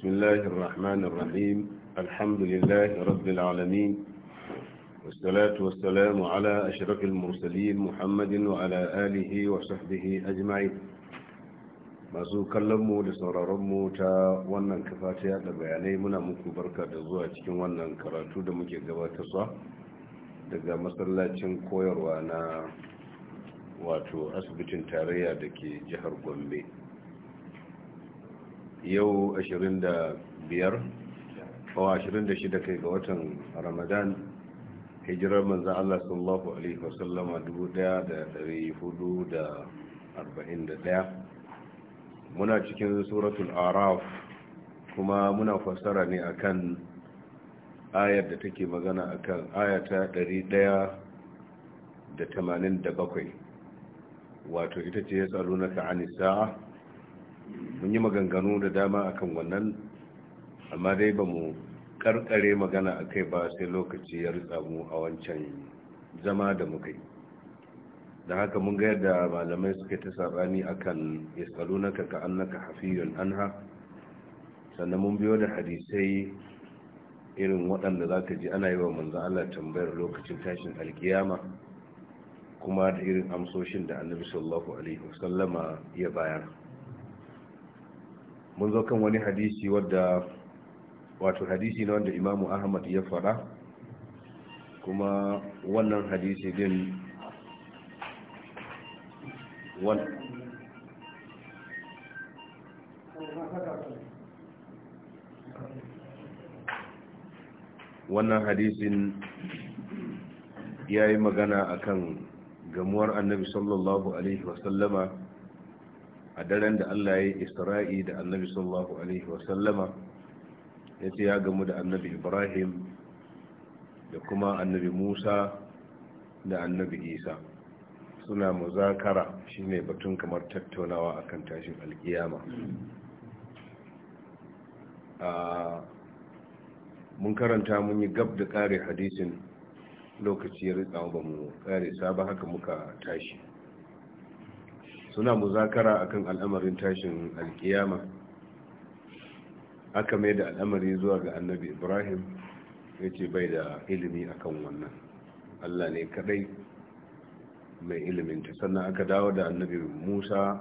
بسم الله الرحمن الرحيم الحمد لله رب العالمين والصلاة والسلام على أشرف المرسلين محمد وعلى آله وصحبه أجمعين da sauraronmu ta wannan kafa ta yada bayanai muna muku barka da zuwa cikin wannan karatu da muke gabatarwa daga masallacin koyarwa na wato asibitin tarayya da ke jihar gombe yau 25 kawo 26 kai ga watan ramadan hijirar manzan Allah sallallahu Alaihi wasallama 1441 muna cikin suratul araf kuma muna fassara ne akan ayar da take magana akan ayata 187 wato ita ce ya tsaro na ka'ani sa'a mun yi maganganu da dama akan wannan amma dai ba mu karkare magana a kai ba sai lokaci ya rutsa mu a wancan zama da muka yi da haka mun ga yadda malamai suka ta sabani akan yasalunaka ka annaka hafiyun anha sannan mun biyo da hadisai irin waɗanda za ka ji ana yi wa manzo Allah tambayar lokacin tashin alkiyama kuma da irin amsoshin da annabi sallallahu alaihi wasallama ya bayar mun zo kan wani hadisi wadda wato hadisi na wanda imamu ahmad ya fada kuma wannan hadisi din wannan hadisin ya yi magana akan gamuwar annabi sallallahu alaihi wasallama a daren da Allah ya yi isra'i da annabi sallallahu alaihi wasallama ya ce ya gamu da annabi ibrahim da kuma annabi musa da annabi isa suna muzakara shine batun kamar tattaunawa akan tashin alkiyama mun karanta mun yi gab da kare hadisin lokaci ya rika ba mu kare sabon haka muka tashi suna muzakara akan al'amarin tashin alkiyama aka mai da al'amari zuwa ga annabi ibrahim ya ce bai da ilimi akan wannan allah ne kadai mai iliminta, sannan aka dawo da annabi musa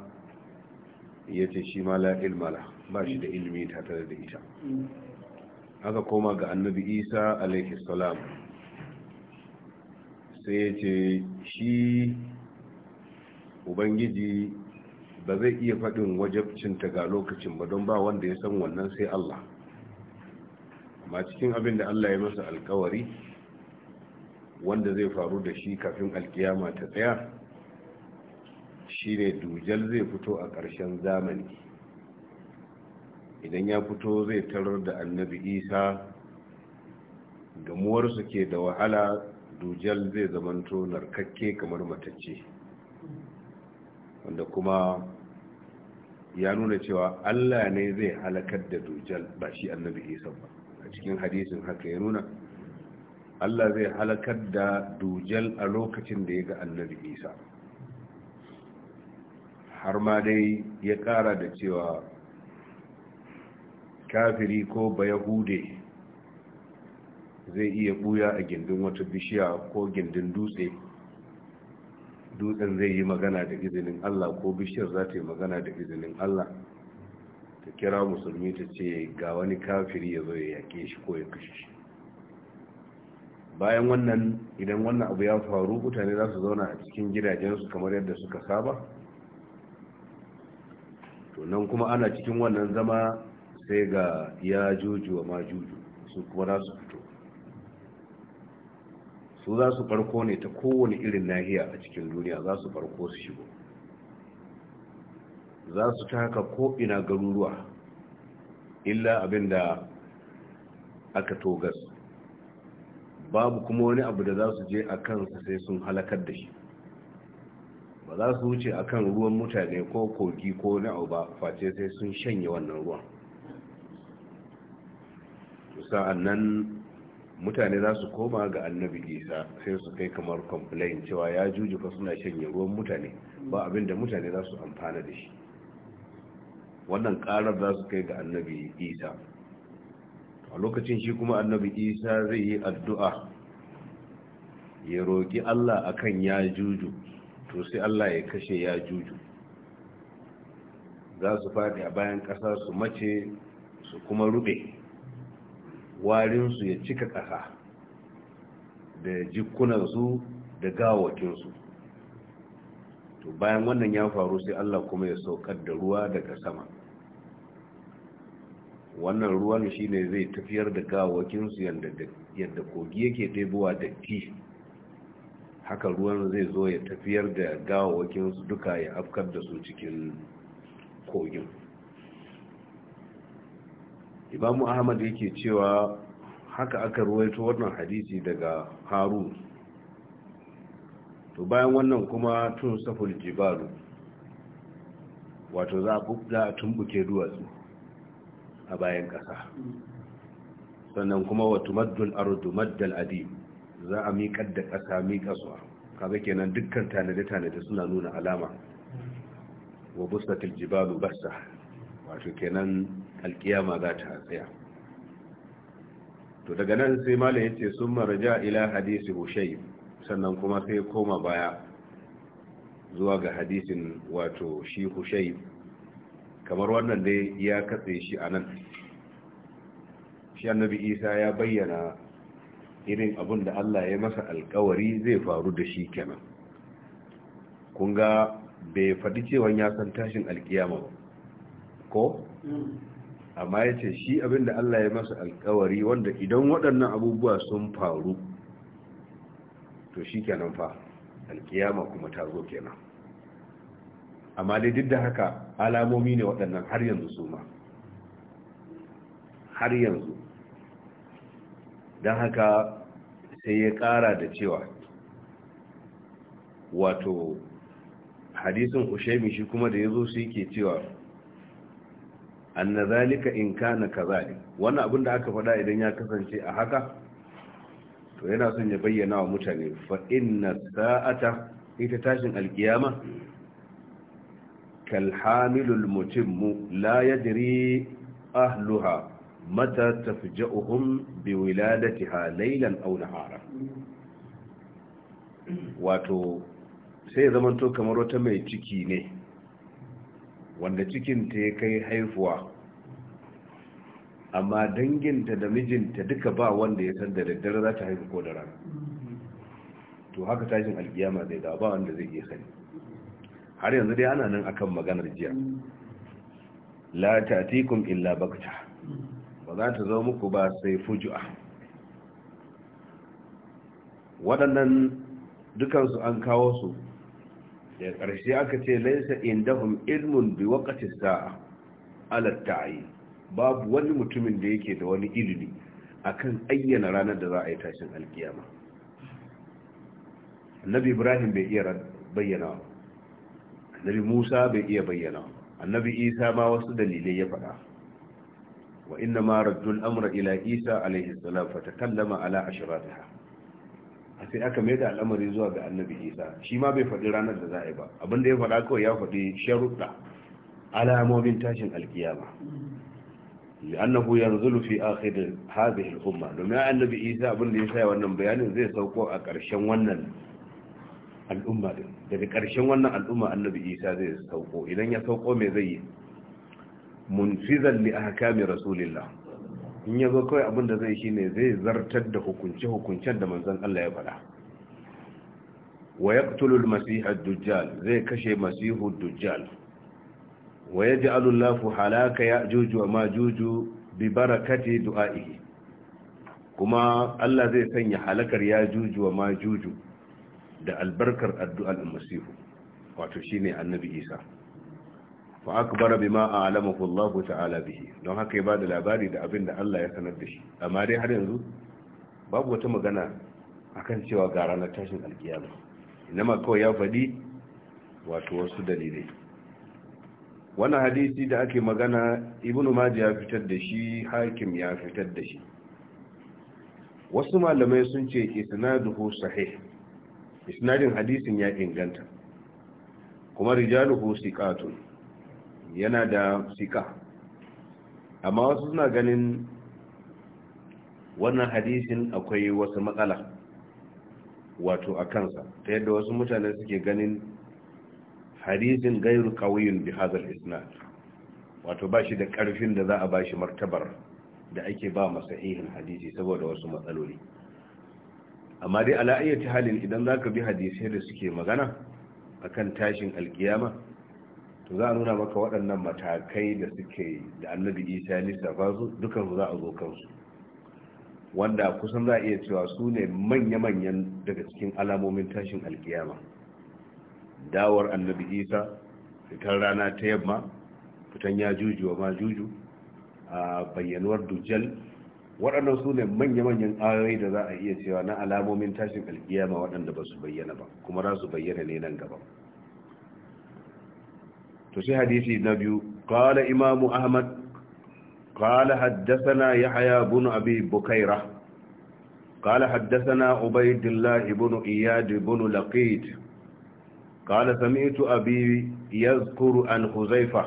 ya ce shi ma la ilmala ba shi da ilimi ta tare da ita aka koma ga annabi isa alaihi salam sai ya ce shi ubangiji ba zai iya faɗin wajabcinta ga lokacin ba don ba wanda ya san wannan sai Allah amma cikin abin da Allah ya masa alkawari wanda zai faru da shi kafin alkiyama ta tsaya shine dujal zai fito a ƙarshen zamani idan ya fito zai tarar da annabi isa gamuwarsu ke da wahala dujal zai zamanto narkakke kamar matacce Da kuma ya nuna cewa Allah ne zai halakar da dujal ba shi annabi isa ba a cikin hadisin haka ya nuna Allah zai halakar da dujal a lokacin da ya ga annabi isa har ma dai ya kara da cewa kafiri ko bayahude zai iya buya a gindin wata bishiya ko gindin dutse dutsen zai yi magana da izinin Allah ko bishiyar za ta yi magana da izinin Allah ta kira musulmi ta ce ga wani kafiri ya zo ya yake shi ko ya kashe shi bayan wannan idan wannan abu ya faru mutane za su zauna a cikin gidajensu kamar yadda suka saba to nan kuma ana cikin wannan zama sai ga ya juju wa ma juju su kuma za su fito su za su farko ne ta kowane irin nahiya a cikin duniya za su farko su shigo za su taka ko'ina garuruwa illa abin da aka togas babu kuma wani abu da za su je a kansa sai sun halakar da shi ba za su wuce a kan ruwan mutane ko kogi ko na ba face sai sun shanye wannan ruwan sa'an nan mutane za su koma ga annabi isa sai su kai kamar complain cewa ya jujufa suna shanye ruwan mutane ba abin da mutane za su amfana da shi wannan karar za su kai ga annabi isa a lokacin shi kuma annabi isa zai yi addu'a ya roƙi allah a kan ya juju to sai allah ya kashe ya juju za su faɗi a bayan ƙasa su mace su kuma rube warinsu ya cika ƙasa da jikunansu da gawakinsu to bayan wannan ya faru sai Allah kuma ya saukar da ruwa daga sama wannan ruwan shi ne zai tafiyar da gawakinsu yadda kogi yake ɗebowa da ti haka ruwan zai zo ya tafiyar da gawakinsu duka ya afkar da su cikin kogin imamu ahmad yake cewa haka aka ruwaito wannan hadisi daga harun to bayan wannan kuma tun saful jibalu wato za a tumbuke duwatsu a bayan ƙasa sannan kuma wato maddul ardu maddal adi za a miƙar da ƙasa miƙaswa kaza kenan dukkan tanade-tanade suna nuna alama wa bustatil jibalu basta wato kenan alkiyama za ta tsaya to daga nan sai malam ya ce sun maraja ila hadisi hushai sannan kuma sai koma baya zuwa ga hadisin wato shi hushai kamar wannan dai ya katse shi a nan shi annabi isa ya bayyana irin abun da allah ya masa alkawari zai faru da shi kenan kun ga bai faɗi cewa ya san tashin alkiyama ba ko mm. amma yace ce shi abinda Allah ya masa alkawari wanda idan waɗannan abubuwa sun faru to shi kenan fa alkiyama kuma ta zo kenan amma dai duk da haka alamomi ne waɗannan har yanzu su ma har yanzu don haka sai ya ƙara da cewa wato hadisin ushaimi shi kuma da ya zo su yake cewa anna zalika in kana kazalik wannan abin da aka faɗa idan ya kasance a haka to yana son ya bayyana wa mutane fa inna sa'ata ita tashin alkiyama kal hamilul mutimmu la yadri ahluha mata tafja'uhum bi wiladatiha laylan aw nahara wato sai zamanto kamar wata mai ciki ne wanda cikin ta ya kai haifuwa amma danginta da mijinta duka ba wanda ya san da daddare za ta haifi ko da rana to haka tashin alkiyama zai dawo ba wanda zai iya sani har yanzu dai ana nan akan maganar jiya la ta'tikum illa bakta ba za ta zo muku ba sai fujua waɗannan dukansu an kawo su da ƙarshe aka ce laisa indahum ilmun bi waqti sa'a ala ta'yin babu wani mutumin da yake da wani ilimi akan ayyana ranar da za a yi tashin alkiyama annabi ibrahim bai iya bayyana annabi musa bai iya bayyana annabi isa ma wasu dalilai ya faɗa wa inna ma raddul amra ila isa alaihi salam fa takallama ala ashratiha sai aka mai da al'amari zuwa ga annabi isa shi ma bai faɗi ranar da za a yi ba abinda ya faɗa kawai ya faɗi sharuɗa alamomin tashin alkiyama annahu yanzulu fi akhir hadhihi al-umma domin annabi isa abin da ya sa wannan bayanin zai sauko a ƙarshen wannan al'umma daga ƙarshen wannan al'umma annabi isa zai sauko idan ya sauko me zai yi munfizan li ahkami rasulillah in ya zo kawai abinda da zai shi ne zai zartar da hukunce hukuncen da manzon Allah ya faɗa. wa yaqtulu al dajjal zai kashe masihu ad-dajjal wa yaj'alu Allahu halaka ya'juju wa majuju bi barakati du'a'ihi kuma Allah zai sanya halakar ya'juju wa majuju da albarkar addu'ar almasihu wato shine annabi Isa fa ma a a'lamahu Allah ta'ala bihi don haka ya ba da labari da abin da Allah ya sanar da shi amma dai har yanzu babu wata magana akan cewa ga ranar tashin alkiyama inama kawai ya faɗi wato wasu dalilai wannan hadisi da ake magana ibnu maji ya fitar da shi hakim ya fitar da shi wasu malamai sun ce isnaduhu sahih isnadin hadisin ya inganta kuma rijaluhu siqatun yana da siqa amma wasu suna ganin wannan hadisin akwai wasu matsala wato a kansa ta yadda wasu mutane suke ganin hadisin gairu kawiyin bi hadha isnad wato bashi da karfin da za a bashi martabar da ake ba masahihin hadisi saboda wasu matsaloli amma dai ala ayyati halin idan zaka bi hadisai da suke magana akan tashin alkiyama to za a nuna maka waɗannan matakai da suke da annabi isa ya lissafa su dukan za a zo kansu wanda kusan za a iya cewa su ne manya-manyan daga cikin alamomin tashin alkiyama dawar annabi isa fitar rana ta yamma fitan ya juju wa ma juju a bayyanuwar dujjal waɗannan su ne manya-manyan ayoyi da za a iya cewa na alamomin tashin alkiyama waɗanda ba su bayyana ba kuma za su bayyana ne nan gaba to sai hadisi na biyu qala imamu ahmad haddasana ya yahya bunu abi bukaira qala haddasana Ubaidullahi bunu iyad bunu Laqid. قال سمعت أبي يذكر عن خزيفة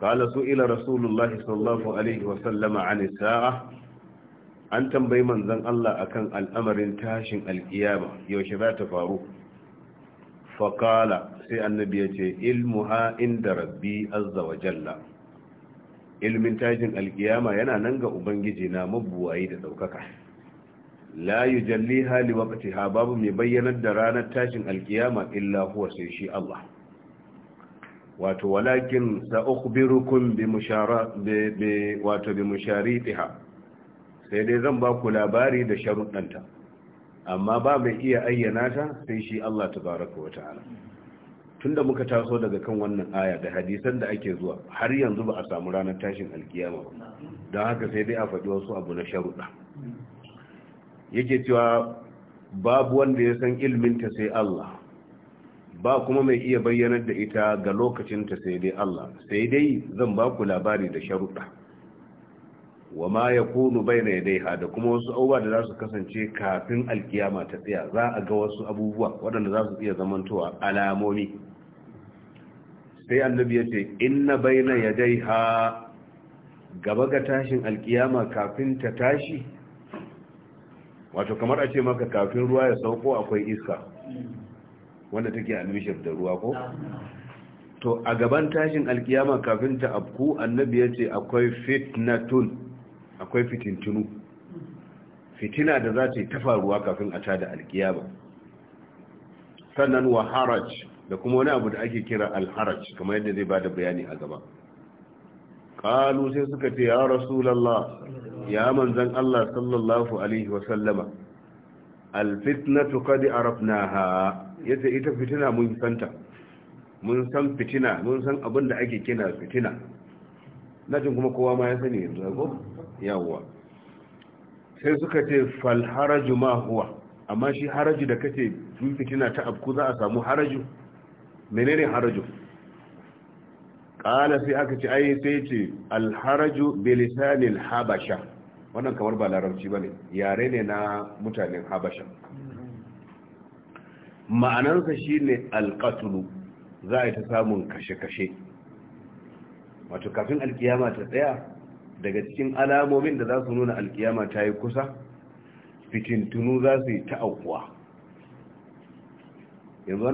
قال سئل رسول الله صلى الله عليه وسلم عن الساعة an tambayi manzon Allah akan al'amarin tashin alkiyama yaushe za ta faru Fakala sai annabi ya ce ilmuha inda rabbi azza wa jalla ilmin tashin alkiyama yana nan ga ubangiji na mabuwayi da ɗaukaka la wakati ha babu mai bayyanar da ranar tashin alkiyama illa huwa sai shi Allah wato walakin sa'ukhbirukum bi mushara bi sai dai zan ba ku labari da sharuɗanta amma ba mai iya ayyana ta sai shi Allah baraka wa ta'ala tunda muka taso daga kan wannan aya da hadisan da ake zuwa har yanzu ba a samu ranar tashin alkiyama ba don haka sai dai a faɗi wasu abu na sharuɗa yake cewa babu wanda ya san ilminta sai Allah ba kuma mai iya bayyanar da ita ga lokacinta sai dai Allah sai dai zan ba ku labari da sharuɗa wa ma ya kunu bai na yadaiha da kuma wasu abubuwa da za su kasance kafin alkiyama ta tsaya za a ga wasu abubuwa waɗanda za su iya zamantowa alamomi sai annabi ya ce inna bai na ha gaba ga tashin alkiyama kafin ta tashi wato kamar a ce maka kafin ruwa ya sauko akwai iska wanda take almishir da ruwa ko to a gaban tashin alkiyama kafin ta afku annabi ya ce akwai fitnatun akwai fitintunu fitina da za ta yi ta faruwa kafin a da alkiyama sannan wa haraj da kuma wani abu da ake kira alharaj kamar yadda zai bada bayani a gaba qalu sai suka ce ya rasulullah ya manzan Allah sallallahu alaihi wa sallama alfitnatu qad arafnaha yace ita fitina mun santa mun san fitina mun san abin da ake kina fitina najin kuma kowa ma ya sani yanzu ko yawa. sai suka ce fal haraju ma huwa amma shi haraju da kace fitina ta abku za a samu haraju menene haraju kala sai aka ce ai sai ce alharaju bilisanil habasha wannan kamar ba larabci ba yare ne na mutanen habasha ma'anarsa shine ne alƙatulu za a yi ta samun kashe-kashe wato kafin alkiyama ta tsaya daga cikin alamomin da za su nuna alkiyama ta yi kusa fitintunu za su yi ta aukuwa yanzu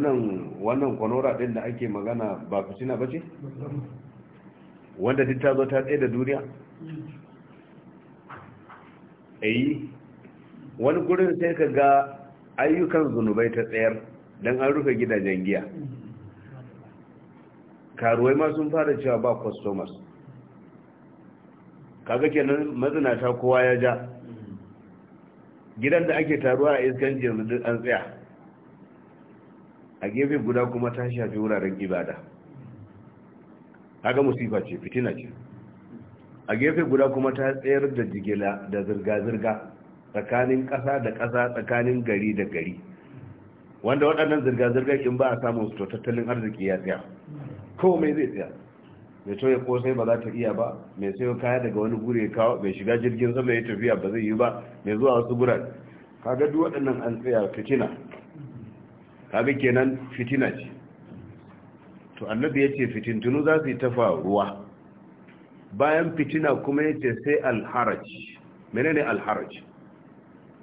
wannan kwanora ɗin da ake magana ba fitina ba ce wanda duk ta zo ta tsaye da duniya ayi eh, wani gurin sai ka ga ayyukan zunubai ta tsayar don an rufe gidajen giya karuwai ma sun fara cewa ba customers kaga kenan mazinata kowa ya ja gidan da ake taruwa a iskan yanzu an tsaya a gefe guda kuma ta shafi wuraren ibada haka musifa ce fitina ce a gefe guda kuma ta tsayar da jigila da zirga-zirga tsakanin ƙasa da ƙasa tsakanin gari da gari wanda waɗannan zirga-zirgar in ba a samun su tattalin arziki ya tsaya mai zai tsaya mai ya kosai ba za ta iya ba mai sayo kaya daga wani gure ya kawo mai shiga jirgin sama ya tafiya ba zai yi ba mai zuwa wasu guran kaga duk waɗannan an tsaya fitina kaga kenan fitina ce to annabi ya fitintunu za su yi tafa ruwa bayan fitina kuma yace sai alharaj menene alharaj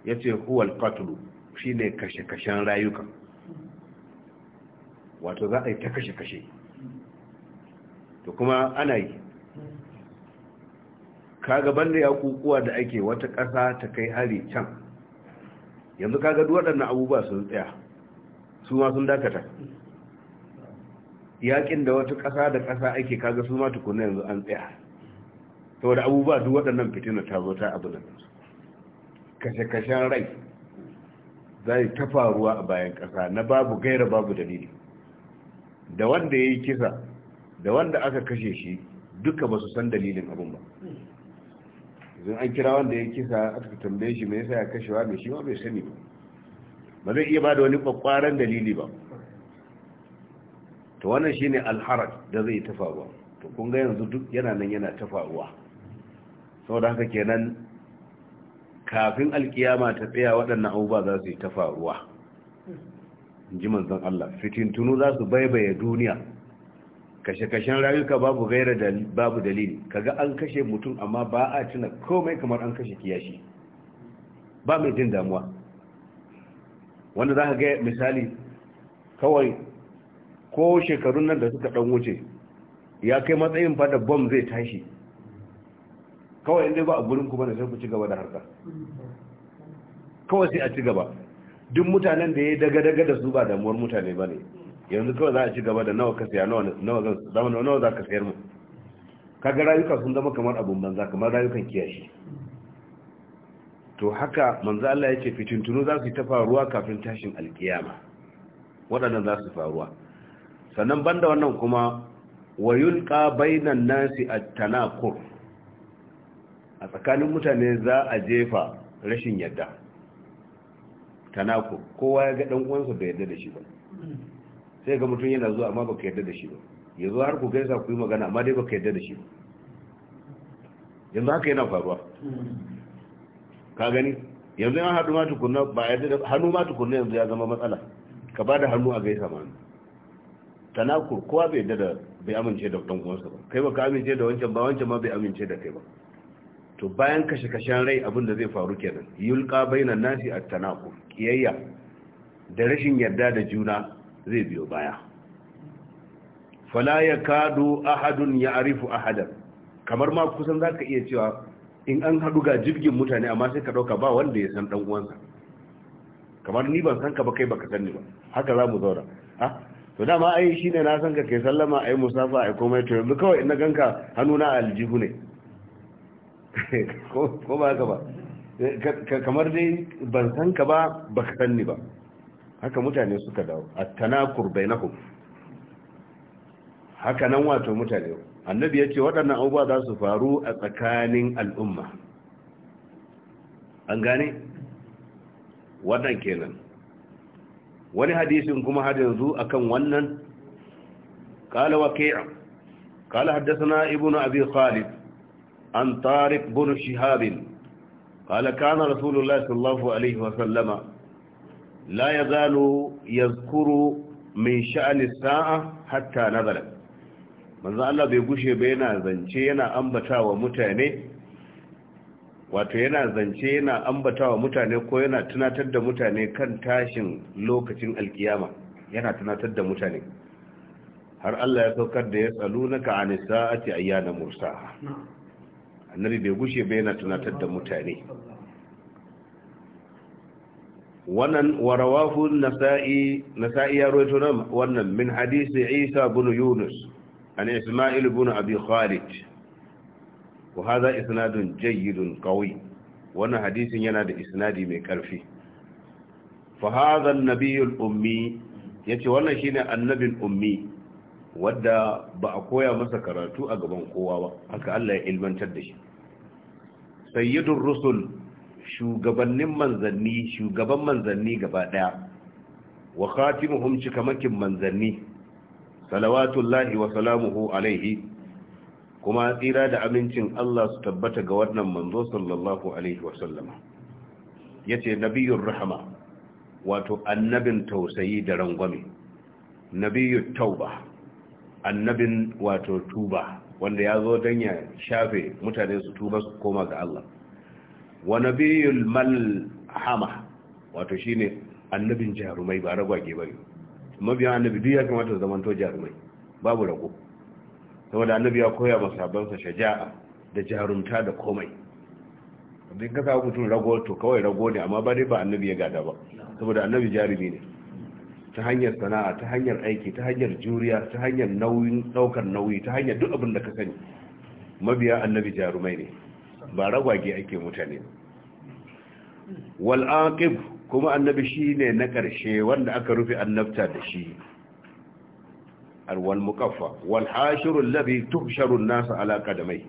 ya ce alqatl shi ne kashe-kashen rayuka wato za a yi ta kashe-kashe to kuma ana yi kaga banda ya kukuwa da ake wata ƙasa ta kai hari can yanzu kaga waɗannan abubuwa sun tsaya su ma sun dakata yakin da wata ƙasa da ƙasa ake kaga su ma tukuna yanzu an tsaya saboda abubuwa duk waɗannan fitina ta zo ta abu nan kashe-kashen rai za ta faruwa a bayan ƙasa na babu gaira babu dalili da wanda ya yi kisa da wanda aka kashe shi duka ba su san dalilin abin ba zan an kira wanda ya kisa aka tambaye shi mai yasa ya kashewa mai shi ma bai sani ba ba zai iya ba da wani kwakwaran dalili ba to wannan shine alharaj da zai ta faruwa to kun ga yanzu duk yana nan yana ta faruwa saboda haka kenan kafin alkiyama ta tsaya waɗannan abubuwa za su yi ta faruwa in ji manzon Allah fitintunu za su baibaye duniya kashe-kashen rayuka babu gaira babu dalili kaga an kashe mutum amma ba a tuna komai kamar an kashe kiyashi ba mai jin damuwa wanda za ka ga misali kawai ko shekarun nan da suka ɗan wuce ya kai matsayin fada bom zai tashi kawai inda ba a gurin kuma da sai ku ci gaba da harka kawai sai a ci gaba duk mutanen da ya daga-daga da su ba damuwar mutane ba ne yanzu kawai za a ci gaba da nawa ka siya nawa za ka sayar mu kaga rayuka sun zama kamar abun banza kamar rayukan kiyashi to haka manzo Allah ya ce fitintunu za su ta faruwa kafin tashin alkiyama waɗannan za su faruwa sannan banda wannan kuma wayulqa bainan nasi at-tanaqur a tsakanin mutane za a jefa rashin yadda tanaqur kowa ya ga dan uwansa bai yadda da shi ba sai ga mutum yana zuwa amma baka yadda da shi ba yanzu har ku gaisa ku yi magana amma dai baka yadda da shi ba yanzu haka yana faruwa ka gani yanzu yan haɗu ma kunna ba ya da hannu ma kunna yanzu ya zama matsala ka ba da hannu a gai sama. tanakur kowa bai yadda da bai amince da ɗan uwansa ba kai ba ka amince da wancan ba wancan ma bai amince da kai ba to bayan kashe-kashen rai abin da zai faru kenan yulka bainan nasi a tanakur kiyayya da rashin yarda da juna zai biyo baya fala ya kado ahadun ya arifu ahadan kamar ma kusan za ka iya cewa in an haɗu ga jirgin mutane amma sai ka ɗauka ba wanda ya san ɗan'uwansa kamar ni ban san ka ba kai ka san ni ba haka za mu zauna ha ah, to dama ai shi ne na san ka kai sallama ai musafa ai komai to yanzu kawai na ganka hannuna a aljihu ne ko ba haka ba eh, kamar dai ban san ka ba ka san ni ba haka mutane suka dawo a tanakur bainahum haka nan wato mutane annabi ya ce waɗannan abubuwa za su faru a tsakanin al'umma an gane wannan kenan wani hadisin kuma har yanzu akan wannan kala waqi'a kala haddathana ibnu abi khalid an tariq bin shihab kala kana rasulullah sallallahu alaihi wa sallama la yazalu yadhkuru min sha'ni as-sa'a hatta nazalat manzo Allah bai gushe ba yana zance yana ambatawa mutane wato yana zance yana ambatawa mutane ko yana tunatar da mutane kan tashin lokacin alkiyama yana tunatar da mutane har Allah ya saukar da ya tsalunaka a sa'ati ayyana mursa annabi bai gushe ba yana tunatar da mutane wannan warawafu nasa'i nasa'i ya rawaito nan wannan min hadisi Isa bin Yunus عن إسماعيل بن أبي خالد وهذا إسناد جيد قوي وانا حديث ينادي إسنادي من كرفي فهذا النبي الأمي يتي وانا شين النبي الأمي wadda ba a koya masa karatu a gaban kowa ba haka Allah ya ilmantar da shi sayyidun rusul shugabannin manzanni shugaban manzanni gaba ɗaya. wa khatimuhum manzanni salawatullahi wa salamuhu alaihi kuma tsira da amincin Allah su tabbata ga wannan manzo sallallahu alaihi wa sallama yace nabiyun rahama wato annabin tausayi da rangwame Nabiyu tauba annabin wato tuba wanda ya zo don ya shafe mutane su tuba su koma ga Allah wa nabiyyul malhama wato shine annabin jarumai ba ragwage bane Mabiya annabi duk ya kamata su zamanto jarumai babu rago saboda annabi ya koya masa sabansa shaja'a da jarumta da komai duk ka kawo mutum rago to kawai rago ne amma ba dai ba annabi ya gada ba saboda annabi jarumi ne ta hanyar sana'a ta hanyar aiki ta hanyar juriya ta hanyar nauyin daukar nauyi ta hanyar duk abin da ka sani mabiya annabi jarumai ne ba ragwage ake mutane wal aqib kuma annabi shi ne na ƙarshe wanda aka rufe annabta da shi alwal muƙaffa wal ladhi labi an nasa ala qadamai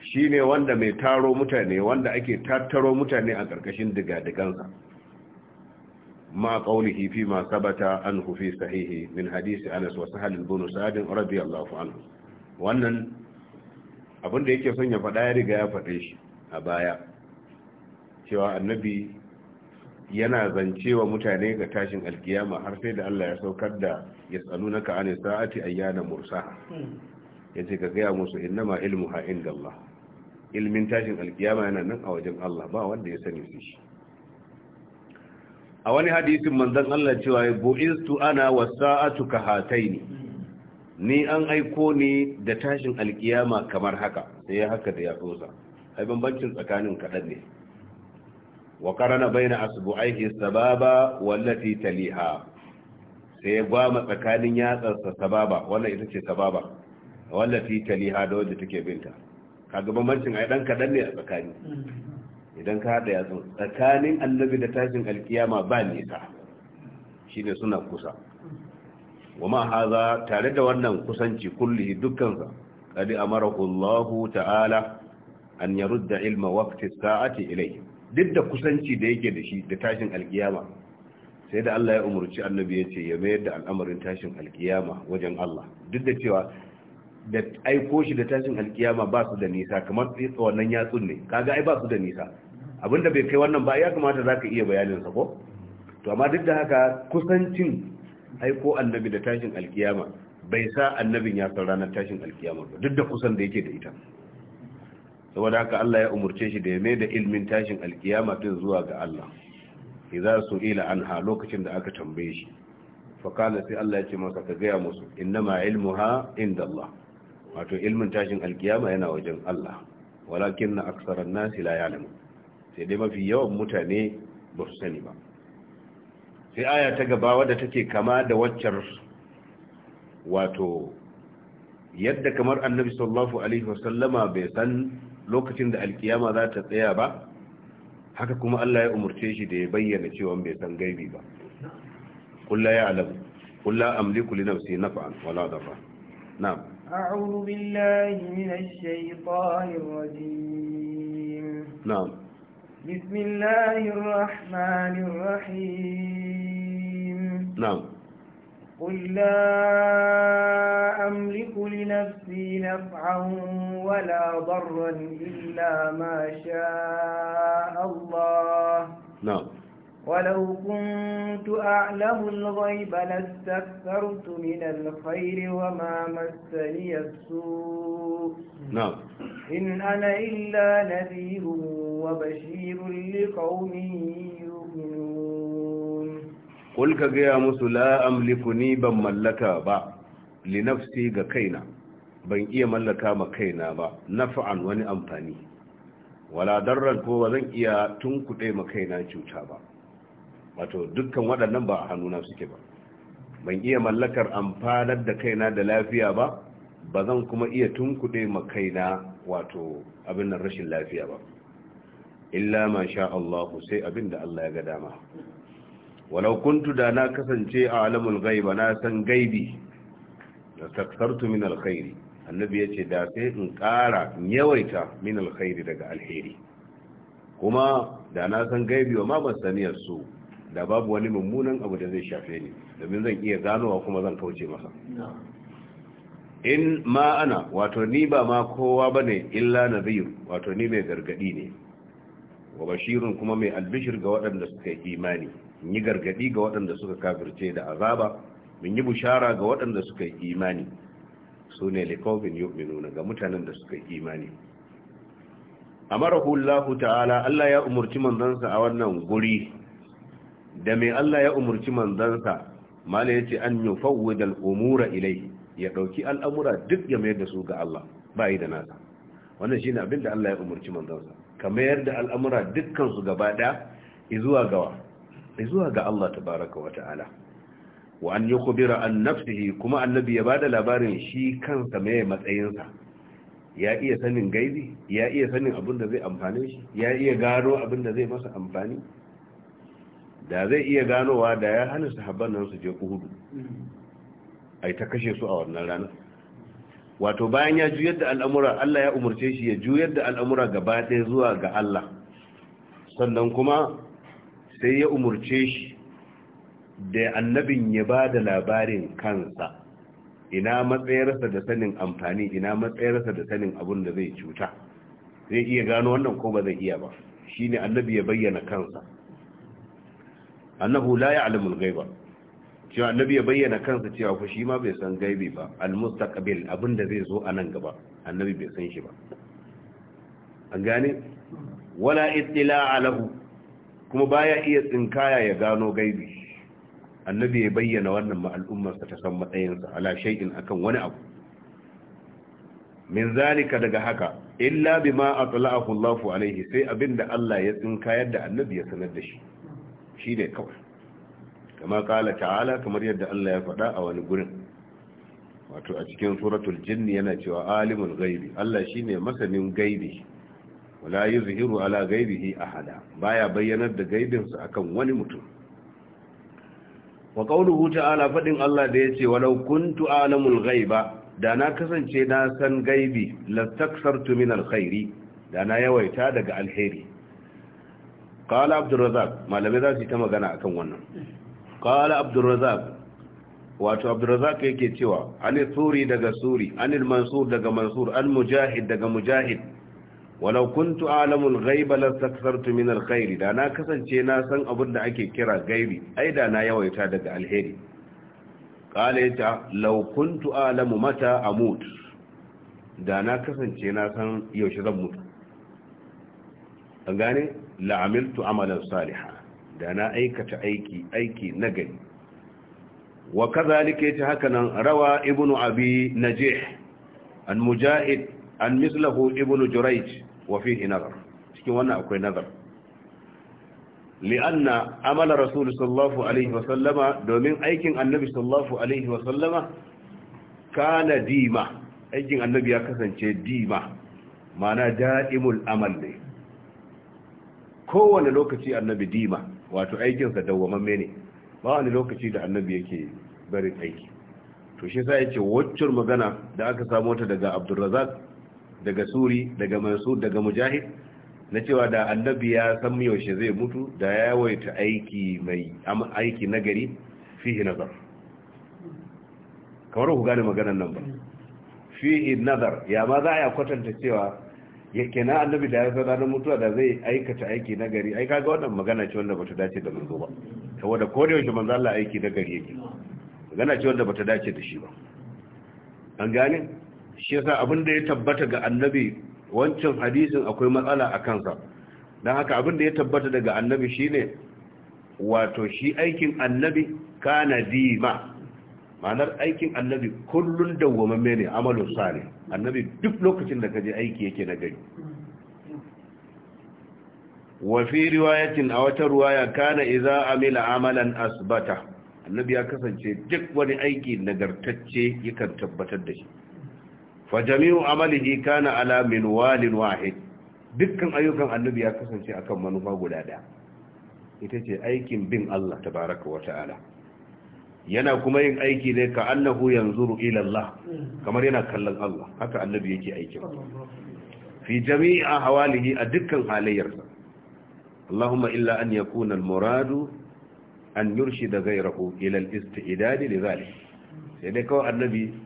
shi ne wanda mai taro mutane wanda ake tattaro mutane a ƙarƙashin digadigansa ma qawlihi fi ma sabata anhu fi sahihi min hadisi Anas wa Sahal ibn Sa'd radiyallahu anhu wannan abin yake son ya faɗa ya riga ya faɗe shi a baya cewa annabi yana zance wa mutane ga tashin alkiyama har sai da Allah ya saukar da ya tsalu na ka'ani sa'ati ayyana mursa ya ce ka gaya musu innama ilmu ha'in da Allah ilmin tashin alkiyama yana nan a wajen Allah ba wanda ya sani su shi a wani hadisin manzon Allah cewa ya bu'istu ana wa sa'atu ka hataini ni an aiko ni da tashin alkiyama kamar haka sai ya haka da ya tsosa. ai bambancin tsakanin kaɗan ne wa qarana baina asbu'aihi sababa wallati taliha sai ya gwama tsakanin yatsarsa sababa wannan ita ce sababa wallati taliha da wadda take binta kaga bambancin ai dan kadan ne a tsakani idan ka hada yatsun tsakanin annabi da tashin alkiyama ba nisa shine suna kusa wa ma haza tare da wannan kusanci kulli dukkansa kadi amarahu Allah ta'ala an yarudda ilma waqti sa'ati ilayhi duk da kusanci da yake da shi da tashin alkiyama sai da Allah ya umarci annabi ya ce ya mayar da al'amarin tashin alkiyama wajen Allah duk da cewa da aiko shi da tashin alkiyama ba su da nisa kamar wannan yatsun ne kaga ai ba su da nisa abinda bai kai wannan ba ya kamata za ka iya bayanin sa ko to amma duk da haka kusancin aiko annabi da tashin alkiyama bai sa annabin ya san ranar tashin alkiyama ba duk da kusan da yake da ita saboda haka Allah ya umurce shi da ya da ilmin tashin alkiyama din zuwa ga Allah idza su'ila anha lokacin da aka tambaye shi fa kana sai Allah ya ce masa ka gaya musu innama ilmuha inda Allah wato ilmin tashin alkiyama yana wajen Allah walakin na aksaran nasi la ya'lamu sai dai mafi yawan mutane ba su sani ba sai aya ta gaba wadda take kama da waccar wato yadda kamar annabi sallallahu alaihi wasallama bai san lokacin da alkiyama za ta tsaya ba haka kuma Allah ya umarce shi da ya bayyana cewa bai san gaibi ba kullu ya alam kullu amliku li nafsi naf'an wala dafa na'am a'udhu billahi minash shaitanir rajim na'am بسم الله الرحمن الرحيم نعم قل لا أملك لنفسي نفعا ولا ضرا إلا ما شاء الله نعم ولو كنت أعلم الغيب لاستكثرت من الخير وما مسني السوء نعم إن أنا إلا نذير وبشير لقوم يؤمنون kul ka gaya musu la amliku ni ban mallaka ba li ga kaina ban iya mallaka ma kaina ba nafa’an wani amfani wala darran ko ba zan iya kuɗe ma kaina cuta ba wato dukkan waɗannan ba a hannuna suke ba ban iya mallakar amfanar da kaina da lafiya ba ba zan kuma iya tunkuɗe ma kaina wato abin nan rashin lafiya ba illa ma sha Allah sai abin da Allah ya ga dama Walaukuntu kuntu da na kasance a alamul gaiba na san gaibi da taksartu min alkhairi annabi yace ce da sai in ƙara yawaita min alkhairi daga alheri kuma da na san gaibi wa ma ban saniyar su da babu wani mummunan abu da zai shafe ni domin zan iya ganowa kuma zan kauce masa in ma ana wato ni ba ma kowa bane illa nadhir wato ni mai gargadi ne wa bashirun kuma mai albishir ga waɗanda suka yi imani mun yi gargadi ga waɗanda suka kafirce da azaba mun yi bushara ga waɗanda suka yi imani su ne liqawmin yu'minuna ga mutanen da suka yi imani A Allah ta'ala Allah ya umarci manzansa a wannan guri da mai Allah ya umarci manzansa mala ce an fawo da umura ilai, ya ɗauki al'amura duk ya mayar da su ga Allah yi da nasa wannan shi abin da Allah ya umarci manzansa ka mayar da al'amura dukkan su gaba ɗaya zuwa gawa zuwa ga Allah tabaraka wa ta'ala wa an kubira an nafsihi kuma annabi ya bada labarin shi kansa mai matsayinsa ya iya sanin gaibi ya iya sanin abin da zai amfane shi ya iya gano abin da zai masa amfani da zai iya ganowa da ya hana sahabban nan su je kuhudu ai ta kashe su a wannan ranar wato bayan ya juyar da al'amura Allah ya umarce shi ya juyar da al'amura gaba ɗaya zuwa ga Allah sannan kuma sai ya umurce shi da annabin ya ba da labarin kansa ina matsayarsa da sanin amfani ina matsayarsa da sanin abun da zai cuta zai iya gano wannan ko ba zai iya ba Shi ne annabi ya bayyana kansa annabu la ya'lamul ba? cewa annabi ya bayyana kansa cewa fa shi ma bai san gaibi ba al abin da zai zo a nan gaba annabi bai san shi ba an gane wala ittila alahu kuma baya iya tsinkaya ya gano gaibi annabi ya bayyana wannan ma ta san matsayinsa ala shay'in akan wani abu min zalika daga haka illa bima atla'ahu Allah alaihi sai abinda Allah ya tsinkayar da annabi ya sanar da shi shine kawai kama kala ta'ala kamar yadda Allah ya faɗa a wani gurin wato a cikin suratul jinni yana cewa alimul ghaibi Allah shine masanin gaibi wala yuzhiru ala ghaibihi ahada baya bayyanar da gaibinsa akan wani mutum wa qawluhu ta'ala fadin Allah da yace walau kuntu a'lamul ghaiba da na kasance na san gaibi lastaksartu min alkhairi da na yawaita daga alheri qala abdurrazzaq malamai za su ta magana akan wannan qala abdurrazzaq wato abdurrazak yake cewa anisuri suri daga suri an mansur daga mansur al mujahid daga mujahid walau kuntu alamul ghaiba lastakthartu min alkhair da na kasance na san abin da ake kira gaibi ai da na yawaita daga alheri qala ta law kuntu alamu mata amut da na kasance na san yaushe zan mutu an gane la amiltu amalan salihan da na aikata aiki aiki nagari wa ta haka hakanan rawa ibnu abi najih an mujahid an mislahu ibnu jurayj wa fihi nazar cikin wannan akwai nazar li'anna amala rasul sallallahu alaihi wa sallama domin aikin annabi sallallahu alaihi wa sallama kana dima aikin annabi ya kasance dima mana da'imul amal ne kowane lokaci annabi dima wato aikinsa dawwamamme ne ba wani lokaci da annabi yake barin aiki to shi sai ya ce waccan magana da aka samu ta daga abdurrazak daga suri daga mansur daga mujahid na cewa da annabi ya san yaushe zai mutu da ya yawaita aiki mai aiki nagari fihi nazar kamar ku gane maganar nan ba fihi nazar ya ma za a kwatanta cewa yake na annabi da ya san ranar mutuwa da zai aikata aiki nagari ai kaga wannan magana ce wanda bata dace da manzo ba saboda ko da yaushe manzo Allah aiki nagari yake magana ce wanda bata dace da shi ba an gane shi yasa abin da ya tabbata ga annabi wancan hadisin akwai matsala a kansa don haka abin da ya tabbata daga annabi shi ne, wato shi aikin annabi kana dima ma'anar aikin annabi kullum dawwamamme ne amalin ne annabi duk lokacin da kaje aiki yake na gari wafi riwayatin a wata ruwaya kana idza amila amalan asbata annabi ya kasance duk wani aiki nagartacce yakan tabbatar da shi fa jami'u amalihi kana ala minwalin wahid dukkan ayyukan annabi ya kasance akan manufa guda daya ita ce aikin bin Allah tabaraka wa ta'ala yana kuma yin aiki ne ka annahu yanzuru ila Allah kamar yana kallon Allah haka annabi yake aikin fi jami'i ahwalihi a dukkan halayyarsa Allahumma illa an yakuna al-muradu an yurshida ghayrahu ila al-istidad li dhalik sai dai kawai annabi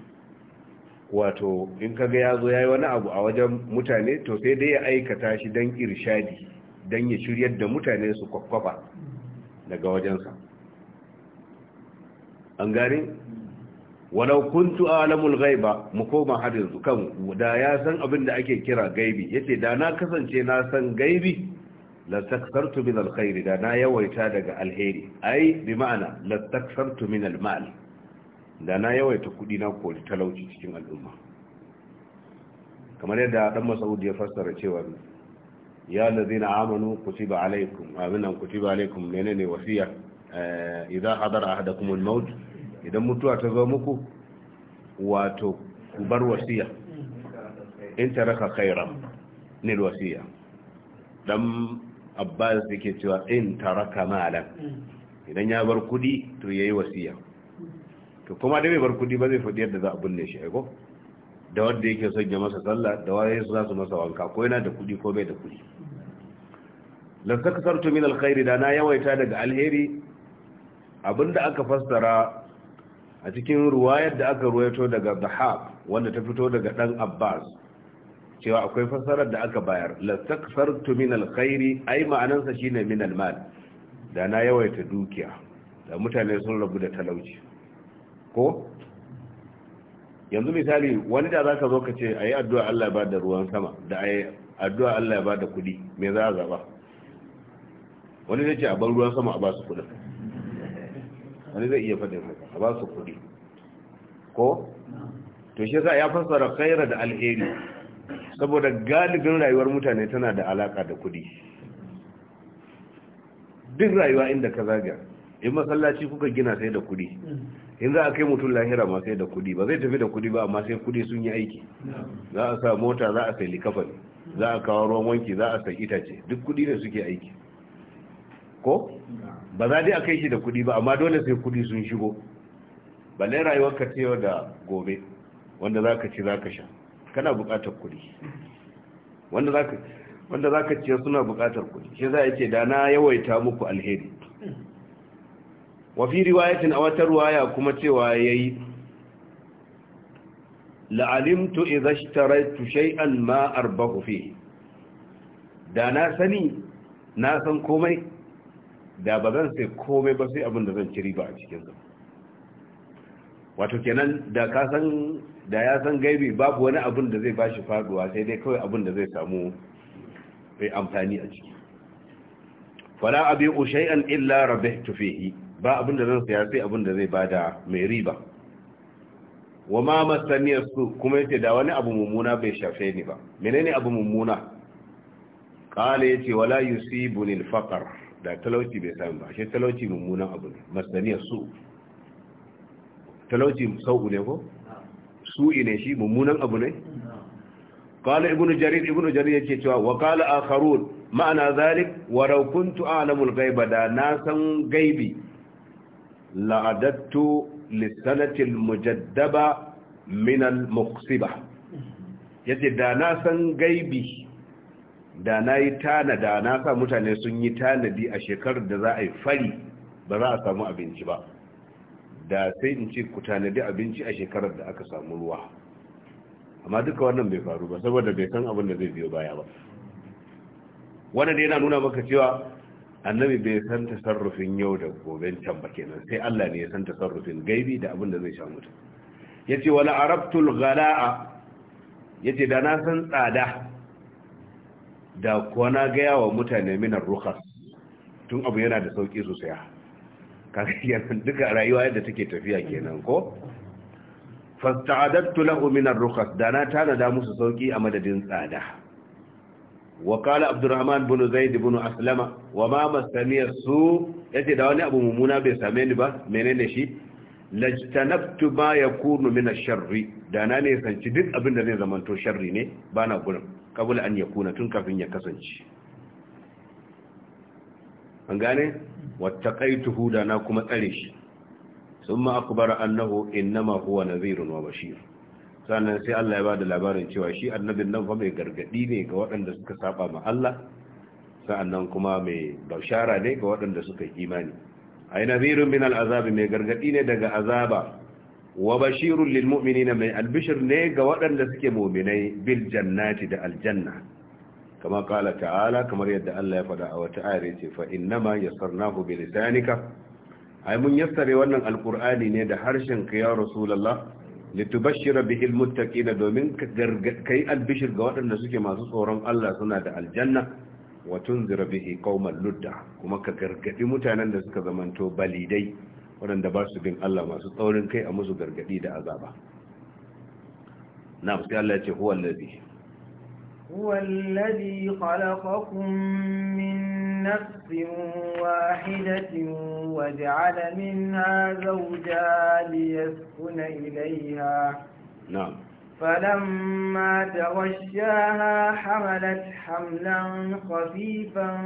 wato in kaga ya zo ya yi wani abu a wajen mutane to sai dai ya aikata shi don irshadi don ya shiryar da mutane su kwakwafa daga wajensa an gani walau kuntu alamul ghaiba mu koma hadin su kan da ya san abin da ake kira gaibi yace da na kasance na san gaibi la taksartu min alkhairi da na yawaita daga alheri ai bi ma'ana la taksartu min almal da na yawaita kudi na kori talauci cikin al'umma kamar yadda dan masaudi ya fassara cewa ya lazina amanu kutiba alaikum aminan kutiba alaikum menene wasiya eh, idan a hada kuma maut idan mutuwa ta zo muku wato ku bar wasiya in ta taraka khairan nil wasiya dan abbas yake cewa in ta raka malan mm. idan ya bar kudi to yayi wasiya to kuma da bai bar kudi ba zai faɗi yadda za a binne shi aiko da wanda yake son ya masa sallah da waye su za su masa wanka ko yana da kudi ko bai da kudi lasakasartu min alkhairi da na yawaita daga alheri abinda aka fassara a cikin ruwayar da aka ruwaito daga Dhahab wanda ta fito daga dan Abbas cewa akwai fassarar da aka bayar lasakasartu min alkhairi ai ma'anansa shine min almal da na yawaita dukiya da mutane sun rabu da talauci ko yanzu misali wani da za ka zo ka ce a yi addu'a Allah ya ba da ruwan sama da a yi addu'a Allah ya ba da kudi me za a zaba wani zai ce a ban ruwan sama a ba su kudin wani zai iya faɗin haka a ba su kudi ko to shi a ya fassara khaira da alheri saboda galibin rayuwar mutane tana da alaka da kudi duk rayuwa inda ka zaga in masallaci kuka gina sai da kudi in za a kai mutum lahira ma sai da kudi ba zai tafi da kudi ba amma sai kudi sun yi aiki za a sa mota za a sai likafa ne za a kawo ruwan wanki za a sai itace duk kudi ne suke aiki ko ba za dai a kai shi da kudi ba amma dole sai kudi sun shigo lai rayuwar ka ce da gobe wanda za ka ci za ka sha kana buƙatar kudi wanda za ka wanda za ka ce suna buƙatar kudi shi za a ce da na yawaita muku alheri wafi riwayatin a wata ruwaya kuma cewa ya yi la'alimtu izashtaraitu shay'an ma arbahu fi da na sani na san komai da ba zan sai komai ba sai abin da zan ci riba a cikin zama wato kenan da ka san da ya san gaibi babu wani abin da zai bashi faduwa sai dai kawai abin da zai samu mai amfani a ciki fala abi ushay'an illa rabihtu fihi ba abin da zan saya sai abin da zai bada mai riba wa ma masaniyar su kuma yace da wani abu mummuna bai shafe ni ba menene abu mummuna kala yace wala yusibuni al-faqr da talauci bai sami ba ashe talauci mummunan abu ne masaniyar su talauci sau'u ne ko Su ne shi mummunan abu ne قال ibnu jarir ibnu jarir yace cewa wa qala akharun ma'ana zalik wa raw kuntu a'lamul ghaiba da na san gaibi la'adattu lissanatil mujaddaba minal muksiba ya da na san gaibi da na yi tanada na sa mutane sun yi tanadi a shekarar da za a yi fari ba za a samu abinci ba da sai in ci ku tanadi abinci a shekarar da aka samu ruwa amma duka wannan bai faru ba saboda bai san abin da zai biyo baya ba wannan yana nuna maka cewa annabi bai san tasarrufin yau da goben can ba kenan sai Allah ne ya san tasarrufin gaibi da abin da zai sha mutum yace wala arabtul ghala'a yace da na san tsada da kuwa na gaya wa mutane minar rukas tun abu yana da sauki sosai kakiyar duka rayuwa yadda take tafiya kenan ko fasta'adattu lahu minar rukas da na tanada musu sauki a madadin tsada وقال عبد الرحمن بن زيد بن أسلم وما مسني السوء yace da wani abu mummuna bai same ni ba menene shi lajtanabtu ma yakunu min ash-sharri da na ne sanci duk abin da zai zamanto sharri ne bana gurin kabul an yakuna tun kafin ya kasance an gane wattaqaituhu da na kuma tsare shi thumma akbara annahu innama huwa nadhirun wa bashir sannan sai Allah ya da labarin cewa shi annabin nan fa mai gargadi ne ga waɗanda suka saba ma Allah sa'annan kuma mai bashara ne ga waɗanda suka imani ay nadhirun min al'azab mai gargadi ne daga azaba wa bashirun lil mu'minina mai albishir ne ga waɗanda suke mu'minai bil jannati da aljanna kama kala ta'ala kamar yadda Allah ya faɗa a wata ayar yace fa innama yassarnahu bi lisanika ai mun yassare wannan alqur'ani ne da harshen ka ya rasulullah litubashshira bihil muttaqina domin kai albishir ga waɗanda suke masu tsoron Allah suna da aljanna wa tunzira bihi qauman ludda kuma ka gargadi mutanen da suka zamanto balidai waɗanda ba su bin Allah masu tsaurin kai a musu gargadi da azaba na sai Allah ya ce huwa allazi هو الذي خلقكم من نفس واحدة وجعل منها زوجا ليسكن إليها نعم فلما تغشاها حملت حملا خفيفا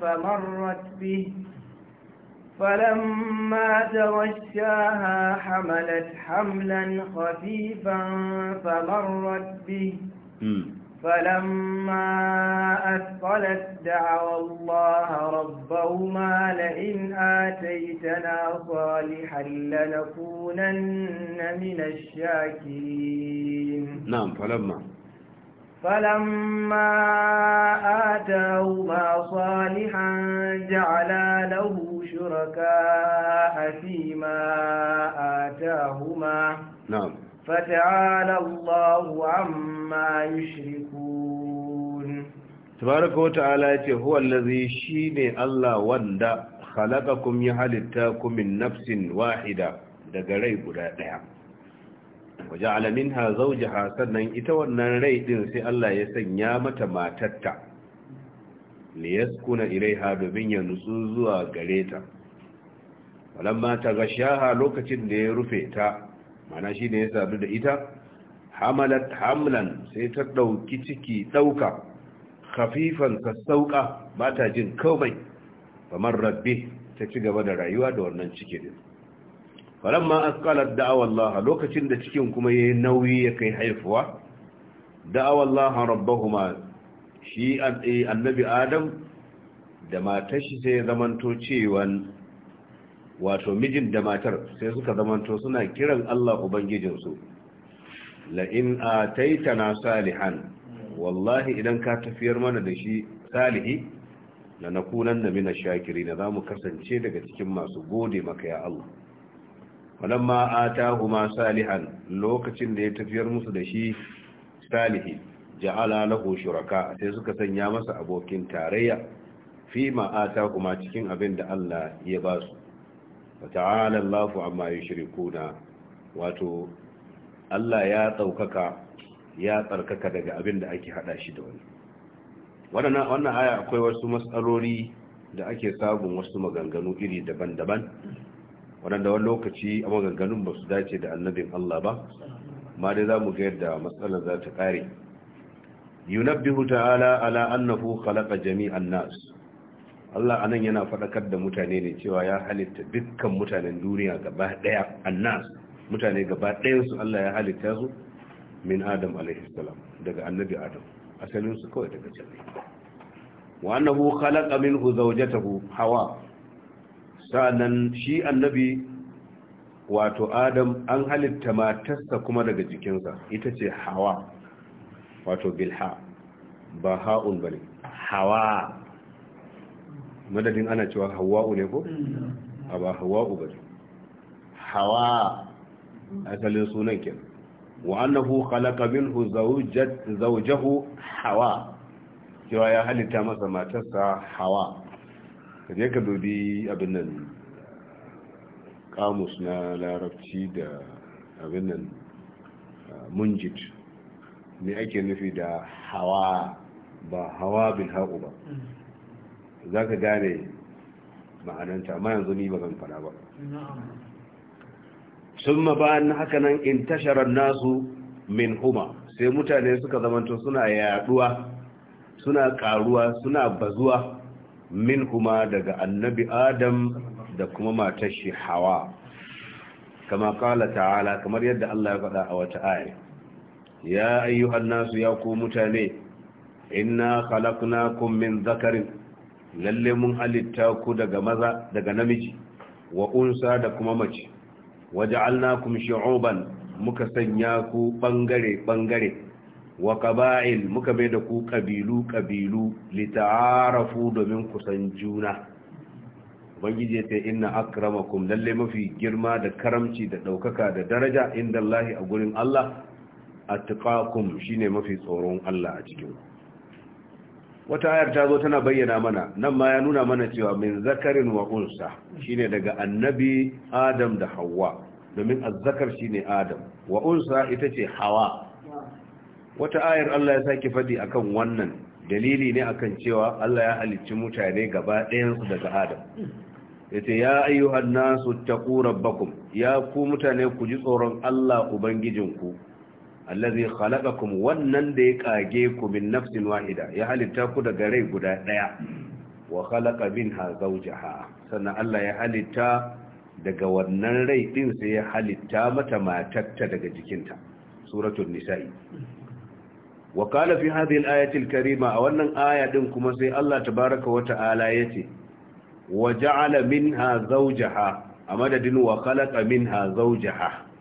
فمرت به فلما تغشاها حملت حملا خفيفا فمرت به فلما أثقلت دعوا الله ربهما لئن آتيتنا صالحا لنكونن من الشاكرين نعم فلما فلما آتاهما صالحا جعلا له شركاء فيما آتاهما نعم فتعالى الله عما يشركون تبارك وتعالى هو الذي شيني الله وندا خلقكم يحلتاكم من نفس واحدة دقري قدائها وجعل منها زوجها سنن إتوانا ريدن سي الله يسنيامة ما تتع ليسكن إليها ببنية نسوزها قريتا ولما تغشاها لوكة ليرفئتا mana shi ne ya sadu da ita hamalat hamlan sai ta ɗauki ciki ɗauka khafifan sassauka ba ta jin komai kamar rabbi ta ci gaba da rayuwa da wannan ciki din falamma asqalat da'awa Allah lokacin da cikin kuma yayi nauyi ya kai haifuwa da'awa rabbahuma shi eh, annabi Adam da matar shi sai zamanto cewa wato mijin da matar sai suka zamanto suna kiran Allah ubangijinsu la'in a taitana salihan wallahi idan ka tafiyar mana da shi salihi na nakunan na mina shakiri na za mu kasance daga cikin masu gode maka ya Allah ma a tahuma salihan lokacin da ya tafiyar musu da shi salihi ja'ala lahu shuraka sai suka sanya masa abokin tarayya fi ma a tahuma cikin abin da Allah ya basu wa ta'ala Allahu amma yushrikuna wato Allah ya tsaukaka ya tsarkaka daga abin da ake hada shi da wani wannan aya akwai wasu matsaloli da ake sabon wasu maganganu iri daban-daban da wani lokaci a maganganun ba su dace da annabin Allah ba ma dai za mu ga yadda matsalar za ta ƙare yunabbihu ta'ala ala annahu khalaqa jami'an nas Allah anan yana faɗakar da mutane ne cewa ya halitta dukkan mutanen duniya gaba ɗaya annas mutane gaba ɗayansu Allah ya halitta su min Adam alaihi salam daga annabi Adam asalin su kawai daga can wa annahu khalaqa minhu zawjatahu Hawa sa'annan shi annabi wato Adam an halitta matarsa kuma daga jikinsa ita ce Hawa wato bilha ba ha'un bane Hawa madadin ana cewa hawa'u ne ko a ba hawa'u ba hawa asalin sunan ke wa annahu khalaqa minhu zawjahu hawa cewa ya halitta masa matarsa hawa kaje ka dubi abin nan kamus na larabci da abin nan munjit ne ake nufi da hawa ba hawa bin ha'u ba za ka gane ma'ananta amma yanzu ni ba zan fara ba sun an haka nan in tasharar nasu min huma sai mutane suka zamanta suna yaduwa suna karuwa suna bazuwa min huma daga annabi adam da kuma matar shi hawa kama kala ta'ala kamar yadda Allah ya faɗa a wata aya ya ayyuhan nasu ya ku mutane inna khalaqnakum min zakarin? lalle mun halitta ku daga maza daga namiji wa unsa da kuma mace waja'alnakum shu'uban muka sanya ku bangare bangare wa qaba'il muka mai da ku kabilu kabilu lita'arafu domin ku san juna ubangiji ya ce inna akramakum lalle mafi girma da karamci da daukaka da daraja inda Allah a gurin Allah attaqakum shine mafi tsoron Allah a cikin ku wata ayar ta zo tana bayyana mana nan ma ya nuna mana cewa min zakarin wa unsa shine daga annabi adam da hawa domin azzakar shine adam wa unsa ita ce hawa wata ayar Allah ya sake fadi akan wannan dalili ne akan cewa Allah ya halicci mutane gaba ɗayansu daga adam yace ya ayyuhan nasu taqu rabbakum ya ku mutane ku ji tsoron Allah ubangijinku allazi khalaqakum wannan da ya kage ku min nafsin wahida ya halitta ku daga rai guda daya wa khalaqa minha zawjaha sannan Allah ya halitta daga wannan rai din sai ya halitta mata matarta daga jikinta suratul nisa'i wa qala fi hadhihi al-ayati al-karima a wannan aya din kuma sai Allah tabaaraka wa ta'ala yace wa ja'ala minha zawjaha a madadin wa khalaqa minha zawjaha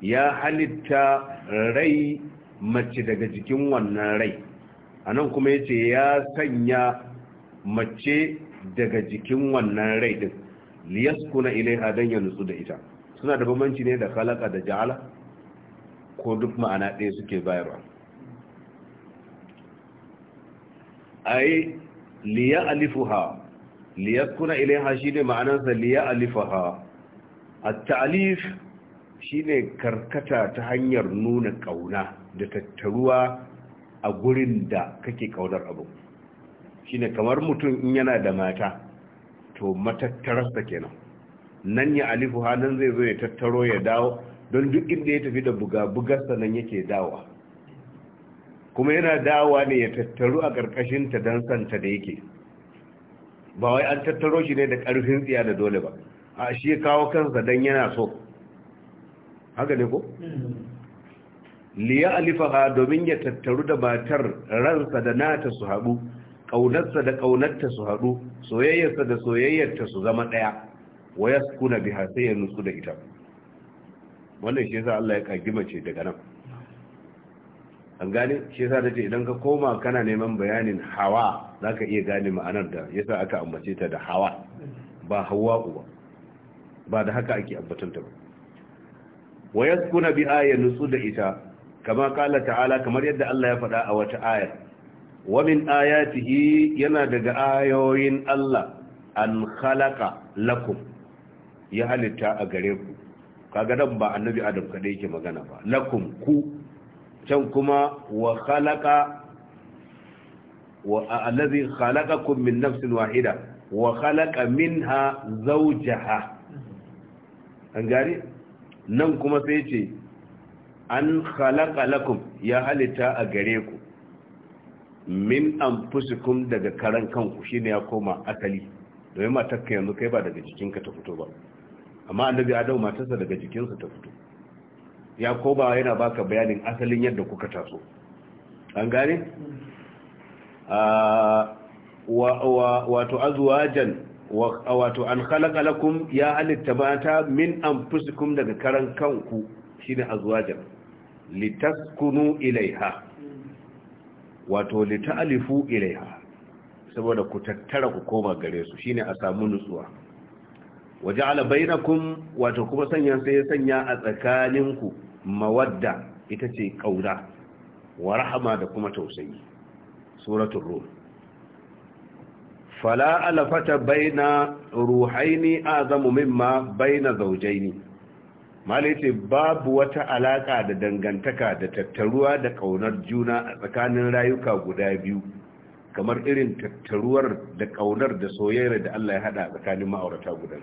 ya halitta rai mace daga jikin wannan rai a nan kuma ya ce ya sanya mace daga jikin wannan rai din liyaskuna ilaiha don ya nutsu da ita suna da bambanci ne da halaka da ja'ala ko duk ma'ana ɗaya suke bayarwa yi liya alifuha liyaskuna ilaiha shi ne ma'anarsa liya ha a ta'alif shine karkata ta hanyar nuna ƙauna da tattaruwa a gurin da kake kaunar abu shine kamar mutum in yana da mata to matattararsa kenan nan ya alifu halin zai zo ya tattaro ya dawo don duk inda ya tafi da buga-bugarsa nan yake dawa kuma yana dawa ne ya tattaru a ƙarƙashinta don santa da yake ba wai an tattaro shi ne da ƙarfin tsiya da dole ba a shi kawo kansa don yana so haka ne ko liya alifaha domin ya tattaru da matar ransa da nata su haɗu ƙaunarsa da ƙaunarta su haɗu soyayyarsa da soyayyarta su zama ɗaya waya su kuna biha sai ya nutsu da ita wannan shi yasa Allah ya kagi mace daga nan an gane shi yasa ce idan ka koma kana neman bayanin hawa zaka iya gane ma'anar da yasa aka ambace ta da hawa ba hawa ba ba da haka ake ambatanta ba wa yaskuna biha ya nutsu da ita kama kala ta'ala kamar yadda Allah ya faɗa a wata ayar wa min ayatihi yana daga ayoyin Allah an khalaqa lakum ya halitta a gare ku kaga dan ba annabi adam kadai yake magana ba lakum ku can kuma wa khalaqa wa allazi khalaqakum min nafsin wahida wa khalaqa minha zawjaha an gare nan kuma sai ce an khalaqa lakum ya halitta a gare ku min anfusikum daga karan kanku shine ya koma asali domin ma ka yanzu kai ba daga jikinka ta fito ba amma annabi adam matarsa daga jikinsa ta fito ya koba yana baka bayanin asalin yadda kuka taso an gane ah, wato azwajan wato an khalaqa lakum ya halitta mata min anfusikum daga karan kanku shine azwajan litaskunu ilaiha wato litalifu ilaiha saboda ku tattara ku koma gare su shine a samu nutsuwa waja'ala bainakum wato kuma sanya sai ya sanya a tsakaninku mawadda ita ce kauna wa rahama da kuma tausayi suratul rum fala alafata بين ruhaini أعظم مما بين zaujaini ما babu wata alaka da dangantaka da tattaruwa da kaunar juna a tsakanin rayuka guda biyu kamar irin tattaruwar da kaunar da soyayyar da Allah ya hada a tsakanin ma'aurata guda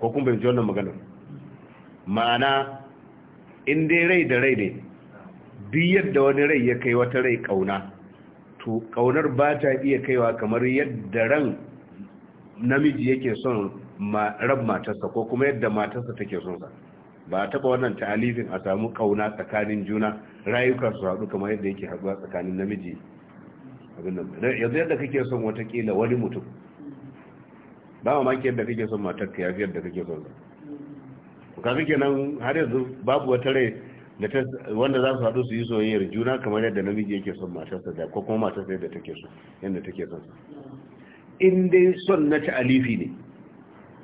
ko kun bai wannan maganar ma'ana in dai rai da rai ne biyar yadda wani rai ya kai wata rai kauna to kaunar ba ta iya kaiwa kamar yadda ran namiji yake son rab matarsa ko kuma yadda matarsa take son sa ba a taba wannan ta'alifin a samu kauna tsakanin juna rayukan su haɗu kamar yadda yake haɗuwa tsakanin namiji yanzu yadda kake son watakila wani mutum ba maki yadda kake son matarka ya fi yadda kake son sa kake kenan har yanzu babu wata rai wanda za su haɗu su yi soyayyar juna kamar yadda namiji yake son matarsa da ko kuma matarsa yadda take so yadda take son in dai son na ta'alifi ne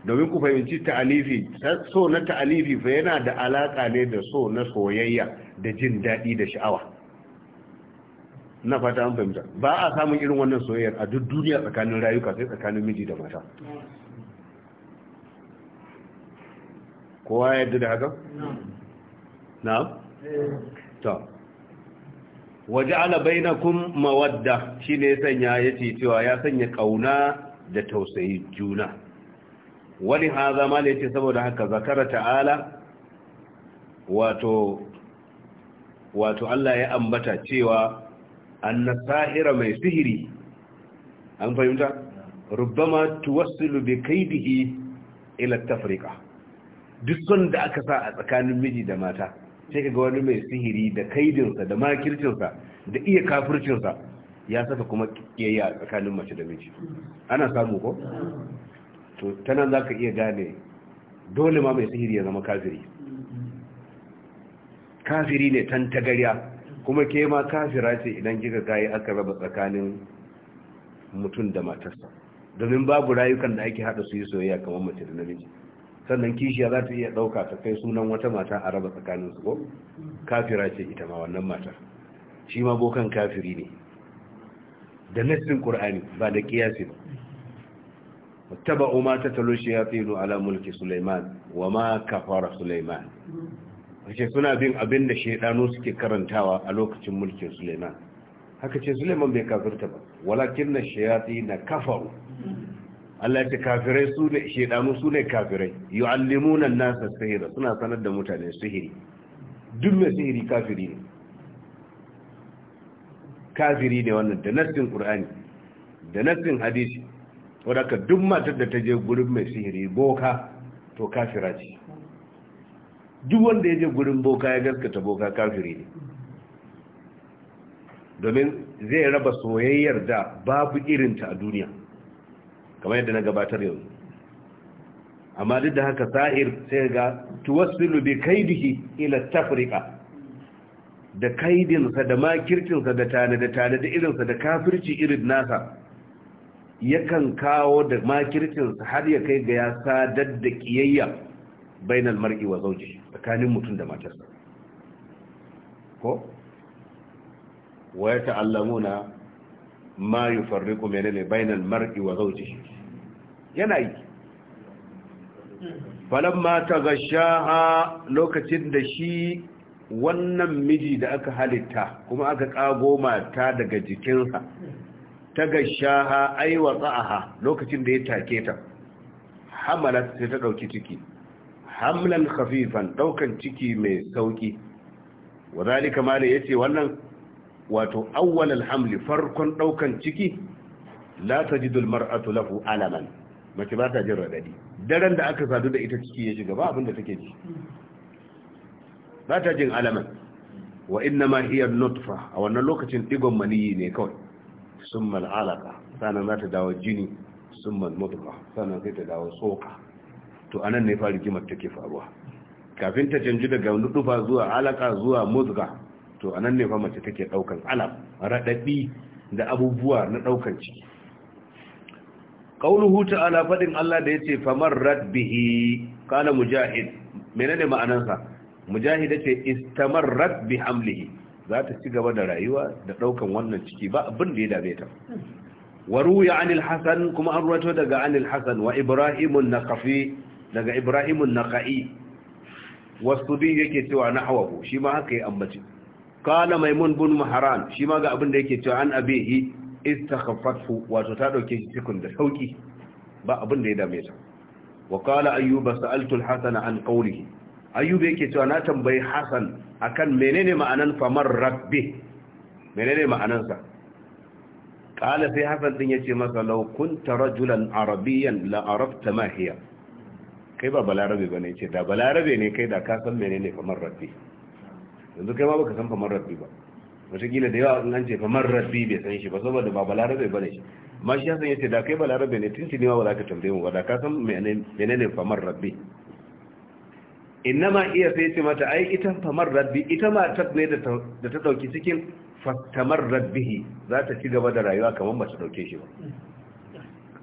domin ku fahimci ta'alifi so na ta'alifi fa yana da alaka ne da so na soyayya da jin daɗi da sha'awa na fata an fahimta ba a samun irin wannan soyayyar a duk duniya tsakanin rayuka sai tsakanin miji da mata kowa yadda da haka? na'am to waje ala bainakum mawadda shine ya sanya yace cewa ya sanya kauna da tausayi juna wani haza ne yace saboda haka zakara ta'ala wato Allah ya ambata cewa annasahira mai sihiri an fahimta rubbama tuwassilu bi kaidihi ila Tafrika. duk son da aka sa a tsakanin miji da mata sai ka ga wani mai sihiri da kaidinsa da makircinsa da iya kafircinsa ya saka kuma kiyayya a tsakanin mace da miji ana samu ko to ta za ka iya gane dole ma mai sihiri ya zama kafiri kafiri ne tan tagarya kuma ke ma kafira ce idan kika kayi aka raba tsakanin mutum da matarsa domin babu rayukan da ake hada su yi soyayya kamar mace da namiji sannan kishiya za ta iya ɗauka ta kai sunan wata mata a raba tsakanin su ko kafira ce ita ma wannan mata shi ma bokan kafiri ne da nassin ƙur'ani ba da kiyasi ba talo shi ya fi ala mulki sulaiman wa ma kafara sulaiman ce suna bin abin da shaidano suke karantawa a lokacin mulkin sulaiman haka ce sulaiman bai kafirta ba walakin na na kafaru Allah ya ce kafirai su ne shedanu su ne kafirai yu'allimuna an-nasa sihira suna sanar da mutane sihiri duk mai sihiri kafiri ne kafiri ne wannan da nassin qur'ani da nassin hadisi wadaka duk matar da ta je gurin mai sihiri boka to kafira ce duk wanda ya je gurin boka ya gaskata boka kafiri ne domin zai raba soyayyar da babu irinta a duniya kamar yadda na gabatar yanzu amma duk da haka sa'ir sai ga tuwassilu bi kaidihi ila tafrika da kaidinsa da makircinsa da tane da tane da irinsa da kafirci irin nasa yakan kawo da makircinsa har ya kai ga ya sadar da kiyayya bainal mar'i wa zawji tsakanin mutum da matarsa ko wa ta'allamuna ma yufarriqu menene bainal mar'i wa zawjihi yana yi falamma tagashaha lokacin da shi wannan miji da aka halitta kuma aka kago mata daga jikinsa tagashaha ai watsa'aha lokacin da ya take ta hamalat sai ta dauki ciki hamlan khafifan ɗaukan ciki mai sauki wadhalika Kamal yace wannan wato awwal Alhamli, farkon daukan ciki la tajidul mar'atu lahu alaman mace ba ta jin radadi daren da aka sadu da ita ciki ya shiga ba abinda take ji ba ta jin alaman wa inna ma hiya nutfa a wannan lokacin digon maniyi ne kawai summa alaka sanan za ta dawo jini summa mutfa sanan sai ta dawo tsoka to anan ne fari jimar take faruwa kafin ta canji daga nutfa zuwa alaka zuwa mutga to anan ne fa mace take daukan alam radadi da abubuwa na daukan ciki qauluhu ta'ala fadin Allah da yace famar radbihi kana mujahid menene ma'anansa mujahid yace istamarrat bi hamlihi za ta ci gaba da rayuwa da daukan wannan ciki ba abin da ya dame ta waruya anil hasan kuma an ruwato daga anil hasan wa ibrahimun naqafi daga ibrahimun naqai wasu din yake cewa nahwahu shi ma haka ya ambaci qala maimun bin muharan shi ma ga abin da yake cewa an abihi istakhaffathu wato ta dauke shi cikin da sauki ba abin da ya dame ta wa qala ayyuba sa'altu al-hasan an qawlihi ayyub yake cewa na tambayi hasan akan menene ma'anan famar rabbi menene ma'anansa Kala sai hasan din yace masa law kunta rajulan arabiyan, la arafta ma hiya kai ba balarabe bane yace da balarabe ne kai da ka san menene famar rabbi yanzu kai ma baka san famar rabbi ba wataƙila da yawa an ce famar rabbi bai san shi ba saboda ba balarabe ba ne shi ma shi yasan yace da kai balarabe ne tun ne ma ba za ka tambaye mu ba da ka san menene famar rabbi innama iya sai ce mata ai ita famar rabbi ita ma ta ne da ta dauki cikin fatamar rabbihi za ta ci gaba da rayuwa kamar ba ta dauke shi ba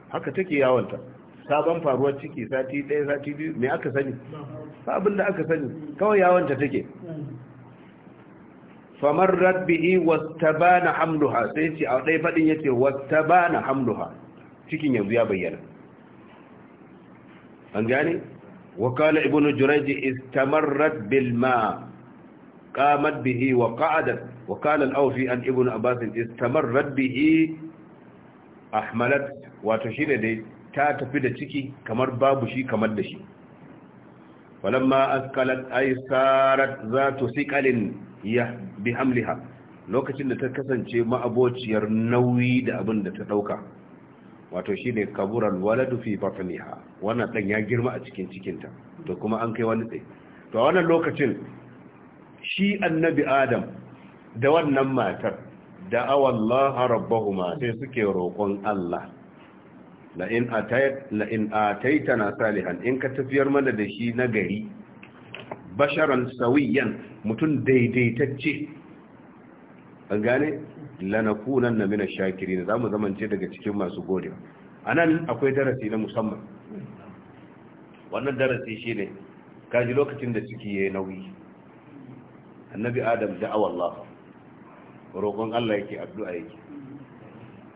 haka take yawanta sabon faruwar ciki sati ɗaya sati biyu me aka sani sabon da aka sani kawai yawanta take famarrat bihi wastabana hamluha sai ce a dai fadin yace wastabana hamluha cikin yanzu ya bayyana an gane wa qala ibnu jurayj istamarrat bil ma qamat bihi wa qa'adat wa qala al-awfi an ibnu abbas istamarrat bihi ahmalat wato shine dai ta tafi da ciki kamar babu shi kamar da shi walamma askalat ay sarat zatu siqalin ya Bi hamliha lokacin da ta kasance ma'abociyar nauyi da abin da ta dauka wato shine kaburan waladu fi batniha wannan dan ya girma a cikin cikinta to kuma an kai wani tsaye to a wannan lokacin shi annabi adam da wannan matar da awallah rabbahuma sai suke roƙon Allah la in tana salihan in ka tafiyar mana da shi na gari basharan sawiyan mutum daidaitacce an gane lanakunan na mina shakiri za mu zamance daga cikin masu gode. a nan akwai darasi na musamman wannan darasi shi ne kaji lokacin da ciki ya yi nauyi annabi adam da'awa Allah roƙon Allah yake addu'a yake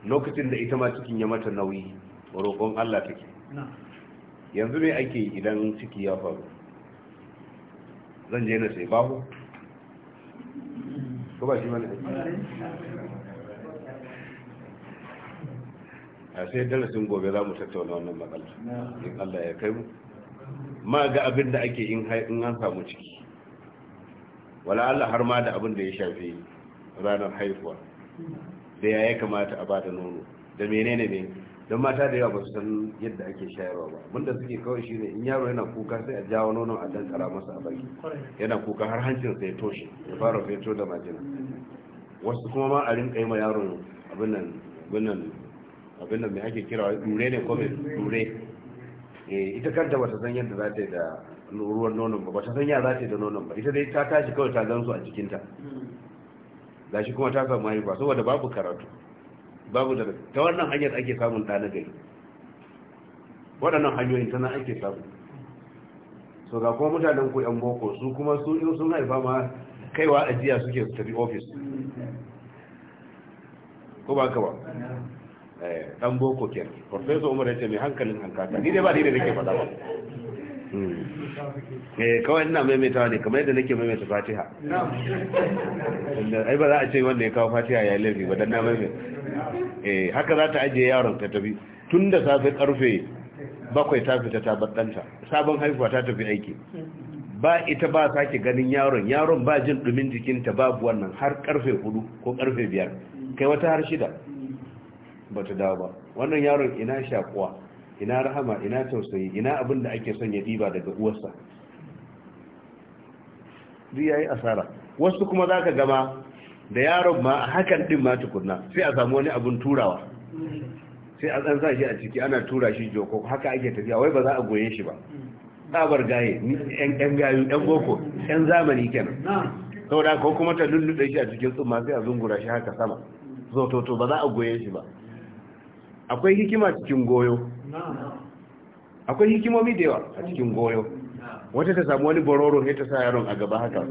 lokacin da ita ma cikin ya mata nauyi roƙon Allah take yanzu me ake idan ciki ya faru zan je na sai babu ko ba shi mana a sai darasin gobe za mu tattauna wannan matsala in Allah ya kai mu ma ga abin da ake in an samu ciki wala Allah har ma da abin da ya shafi ranar haihuwa da ya kamata a bada nono da menene ne don mata da yawa ba su san yadda ake shayarwa ba Wanda suke kawai shi ne in yaro yana kuka sai a jawo nonon a dankara masa a baki yana kuka har hancin sai toshe ya fara feto da majina wasu kuma ma a rinka yi ma yaron abin nan abin nan mai ake kira dure ne ko mai dure eh, ita kanta bata san yadda za ta yi da ruwan nonon ba bata san yadda za ta yi da nonon ba ita dai ta tashi kawai ta gan su a jikinta gashi kuma ta samu haifa saboda babu karatu babu da ta wannan hanyar ake samun ɗa na gari waɗannan hanyoyin tana ake samu so ga kuma mutanen ku yan boko su kuma su in sun haifa ma kaiwa ajiya suke su tafi ofis ko ba ka ba dan eh, boko kenan professor umar ya ce mai hankalin hankata ni dai ba ni da nake faɗa ba Hmm. eh kawai ina maimaitawa ne kamar yadda nake maimaita fatiha ai ba za a ce wanda ya kawo fatiha ya laifi ba don na maimaita eh, haka za ta ajiye yaron ta tafi tun da safe karfe bakwai ta fita ta baddanta sabon haifuwa ta tafi aiki ba ita ba sake ganin yaron yaron ba jin dumin jikinta babu wannan har karfe hudu ko karfe biyar kai wata har shida ba ta dawo ba wannan yaron ina shakuwa ina rahama ina tausayi ina abin da ake son ya diba daga uwarsa duk yayi asara wasu kuma za ka gama da yaron ma a hakan ɗin ma tukunna sai a samu wani abun turawa sai a san shi a ciki ana tura shi joko haka ake tafiya wai ba za a goye shi ba bar gaye yan gayu yan boko yan zamani kenan saboda ko kuma ta lulluɗe shi a cikin tsumma sai a zungura shi haka sama to ba za a goye shi ba akwai hikima cikin goyo akwai hikimomi da yawa a cikin goyo wata ta samu wani bororo ne ta sa yaron a gaba haka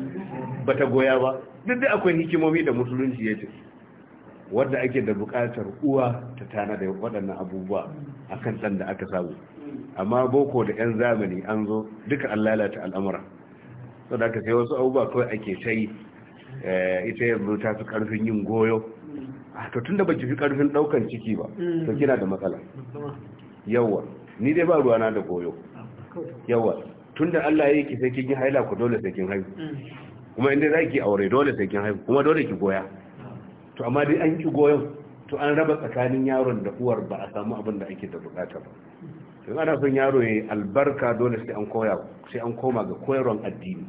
ba ta goya ba duk da akwai hikimomi da musulunci ya ce wadda ake da bukatar uwa ta tana da waɗannan abubuwa a kan ɗan da aka samu amma boko da 'yan zamani an zo duka an lalata al'amura sau da aka sai wasu abubuwa kawai ake ta eh, ita yanzu ta fi ƙarfin yin goyo ah, to tun da ba ki fi karfin ɗaukan ciki ba to kina da matsala yawa ni dai ba ruwana da goyo yawa tunda Allah ya yi ki sai kin yi haila ku dole sai kin haihu kuma inda za ki aure dole sai kin haihu kuma dole ki goya to amma dai an ki goyon to an raba tsakanin yaron da uwar ba a samu abin da ake da bukata ba to ana son yaro ya albarka dole sai an koya sai an koma ga koyarwan addini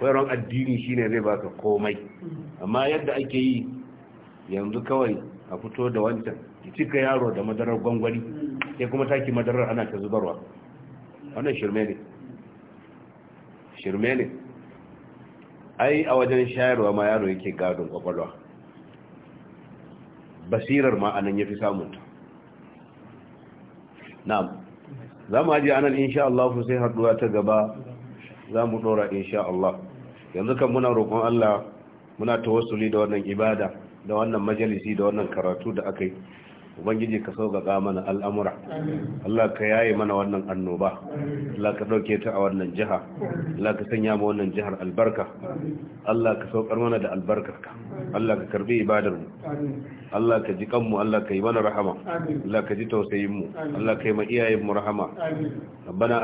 koyarwan addini shine zai baka komai amma yadda ake yi yanzu kawai a fito da wancan cika yaro da madarar gwangwani sai kuma taki madarar ana ta zubarwa wannan shirme ne shirme ne ai a wajen shayarwa ma yaro yake gadon kwakwalwa basirar ma anan yafi samunta na'am za mu ajiye anan insha Allah sai haduwa ta gaba za mu dora insha Allah yanzu kan muna roƙon Allah muna tawassuli da wannan ibada da wannan majalisi da wannan karatu da aka yi ubangiji ka sauƙaƙa mana al'amura Allah ka yaye mana wannan annoba Allah ka ɗauke ta a wannan jiha Allah ka sanya ma wannan jihar albarka Allah ka saukar mana da albarkarka Allah ka karbi ibadarmu Allah ka ji kanmu Allah ka yi mana rahama Allah ka ji tausayin mu Allah ka yi ma iyayen mu rahama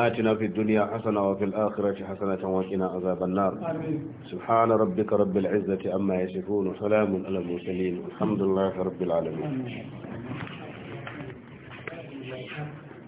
ati na fid duniya hasana wa fil akhirati hasanatan wa qina azaban nar amin subhana rabbika rabbil amma yasifun wa salamun alal mursalin alhamdulillahi rabbil alamin